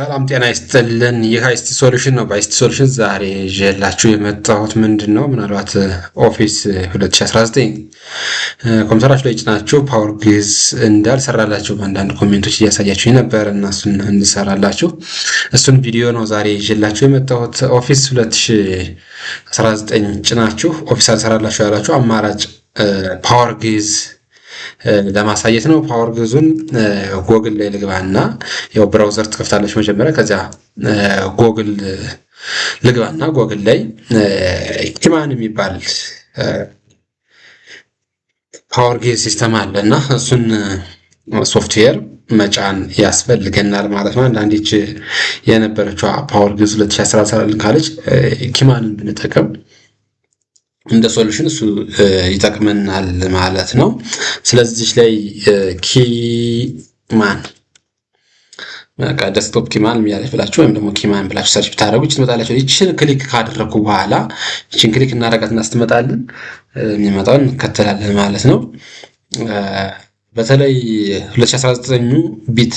ሰላም ጤና ይስጥልን። ይህ አይሲቲ ሶሉሽን ነው። በአይሲቲ ሶሉሽን ዛሬ ይዤላችሁ የመጣሁት ምንድን ነው? ምናልባት ኦፊስ 2019 ኮምፒውተራችሁ ላይ ጭናችሁ ፓወር ግዝ እንዳልሰራላችሁ በአንዳንድ ኮሜንቶች እያሳያችሁ ነበር እና እሱን እንድሰራላችሁ እሱን ቪዲዮ ነው ዛሬ ይዤላችሁ የመጣሁት። ኦፊስ 2019 ጭናችሁ ኦፊስ አልሰራላችሁ ያላችሁ አማራጭ ፓወር ግዝ ለማሳየት ነው። ፓወር ግዙን ጎግል ላይ ልግባ እና ያው ብራውዘር ትከፍታለች መጀመሪያ። ከዚያ ጎግል ልግባ እና ጎግል ላይ ኪማን የሚባል ፓወር ግዕዝ ሲስተም አለ እና እሱን ሶፍትዌር መጫን ያስፈልገናል ማለት ነው። አንዳንዴች የነበረችው ፓወር ግዕዝ 2014 ካለች ኪማንን ብንጠቀም እንደ ሶሉሽን እሱ ይጠቅመናል ማለት ነው። ስለዚህ ላይ ኪማን በቃ ደስክቶፕ ኪማን የሚያለች ብላችሁ ወይም ደግሞ ኪማን ብላችሁ ሰርች ብታደረጉ ይች ትመጣላችሁ። ይችን ክሊክ ካደረግኩ በኋላ ይችን ክሊክ እናረጋት እናስትመጣልን የሚመጣውን እንከተላለን ማለት ነው። በተለይ 2019 ኙ ቢት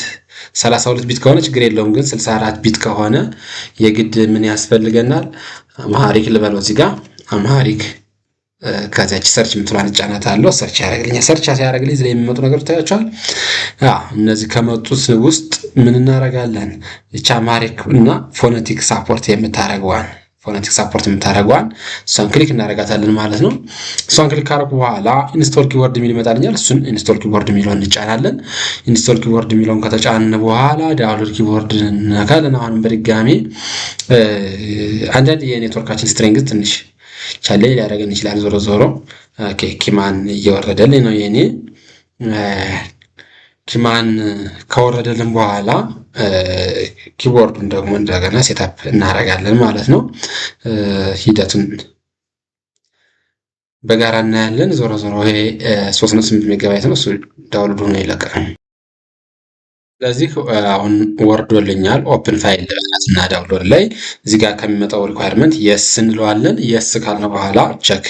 32 ቢት ከሆነ ችግር የለውም፣ ግን 64 ቢት ከሆነ የግድ ምን ያስፈልገናል? ማሪክ ልበለው እዚህ ጋር አምሃሪክ ከዚያች ሰርች የምትሏን ጫናት አለው። ሰርች ያደረግልኛ ሰርች ያደረግልኝ ላይ የሚመጡ ነገሮች ታያቸዋል። እነዚህ ከመጡት ውስጥ ምን እናደርጋለን? ይቻ ማሪክ እና ፎነቲክ ሳፖርት የምታደረገዋን ፎነቲክ ሳፖርት የምታደረገዋን እሷን ክሊክ እናደርጋታለን ማለት ነው። እሷን ክሊክ ካደረጉ በኋላ ኢንስቶል ኪቦርድ የሚል ይመጣልኛል። እሱን ኢንስቶል ኪቦርድ የሚለውን እንጫናለን። ኢንስቶል ኪቦርድ የሚለውን ከተጫን በኋላ ዳውንሎድ ኪቦርድ እነካለን። አሁንም በድጋሚ አንዳንድ የኔትወርካችን ስትሪንግ ትንሽ ቻሌንጅ ሊያደርገን ይችላል። ዞሮ ዞሮ ኪማን እየወረደልኝ ነው የኔ ኪማን ከወረደልን በኋላ ኪቦርዱን ደግሞ እንደገና ሴታፕ እናደርጋለን ማለት ነው። ሂደቱን በጋራ እናያለን። ዞሮ ዞሮ ይሄ ሶስት ነጥብ ስምንት ሜጋባይት ነው። እሱ ዳውንሎድ ሆኖ ይለቀቃል። ስለዚህ አሁን ወርዶልኛል ኦፕን ፋይል ለመስራት እና ዳውንሎድ ላይ እዚህ ጋር ከሚመጣው ሪኳርመንት የስ እንለዋለን። የስ ካልነው በኋላ ቸክ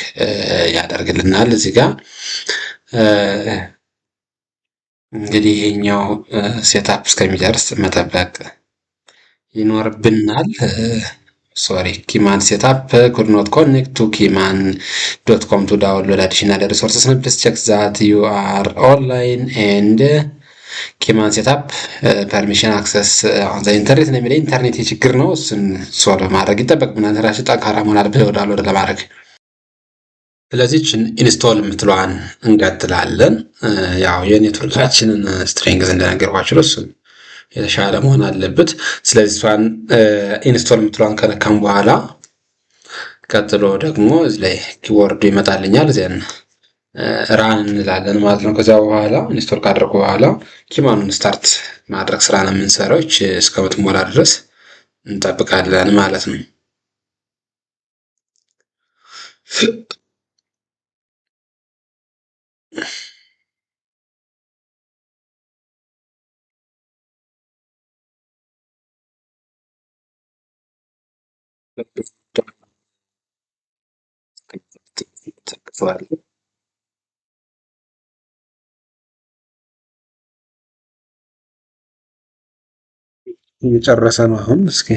ያደርግልናል። እዚህ ጋር እንግዲህ ይሄኛው ሴታፕ እስከሚደርስ መጠበቅ ይኖርብናል። ሶሪ ኪማን ሴታፕ ኩድ ኖት ኮኔክት ቱ ኪማን ዶት ኮም ቱ ዳውንሎድ አዲሽናል ሪሶርስስ ቸክ ዛት ዩ አር ኦንላይን ኤንድ ኬማን ሴታፕ ፐርሚሽን አክሰስ ዘ ኢንተርኔት ነው የሚለው ኢንተርኔት የችግር ነው። እሱን ሶልቭ ማድረግ ይጠበቅብናል። ራሱ ጠንካራ መሆን አለብህ ወዳል ወደ ለማድረግ ስለዚህችን ኢንስቶል የምትለዋን እንቀጥላለን። ያው የኔትወርካችንን ስትሪንግዝ እንደነገርኳችሁ እሱን የተሻለ መሆን አለበት። ስለዚህ እሷን ኢንስቶል የምትለዋን ከነካም በኋላ ቀጥሎ ደግሞ እዚህ ላይ ኪወርዱ ይመጣልኛል ዜን ራን እንላለን ማለት ነው። ከዚያ በኋላ ኢንስቶል ካደረጉ በኋላ ኪማኑን ስታርት ማድረግ ስራ ነው የምንሰራው። ይች እስከምትሞላ ድረስ እንጠብቃለን ማለት ነው። ተቀጥሏል እየጨረሰ ነው። አሁን እስኪ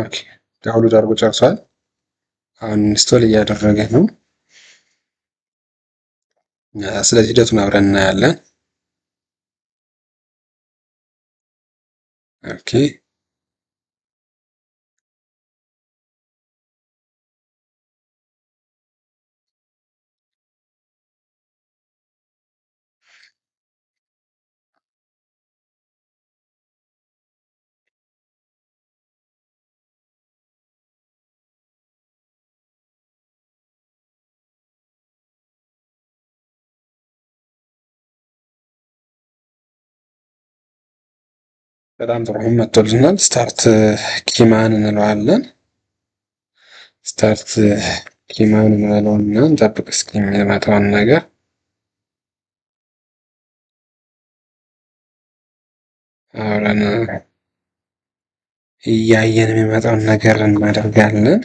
ኦኬ፣ ዳውንሎድ አድርጎ ጨርሷል። አሁን ኢንስቶል እያደረገ ነው። ስለዚህ ሂደቱን አብረን እናያለን። ኦኬ በጣም ጥሩ መጥቶልናል። ስታርት ኪማን እንለዋለን። ስታርት ኪማን እንለዋለን እና እንጠብቅ እስኪ የሚመጣውን ነገር አብረን እያየን የሚመጣውን ነገር እናደርጋለን።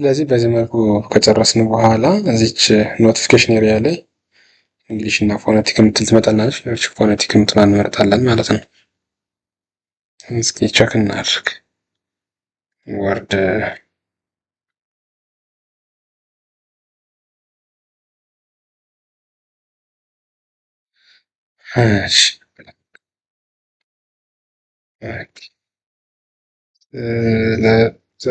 ስለዚህ በዚህ መልኩ ከጨረስን በኋላ እዚች ኖቲፊኬሽን ኤሪያ ላይ እንግሊሽ እና ፎነቲክ የምትል ትመጣናለች። ሌሎች ፎነቲክ የምትል እንመርጣለን ማለት ነው። እስኪ ቸክ እናድርግ። ወርድ እሺ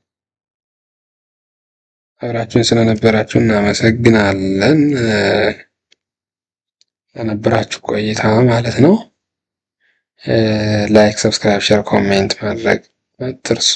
አብራችሁን ስለነበራችሁ እናመሰግናለን። ለነበራችሁ ቆይታ ማለት ነው። ላይክ፣ ሰብስክራይብ፣ ሼር፣ ኮሜንት ማድረግ አትርሱ።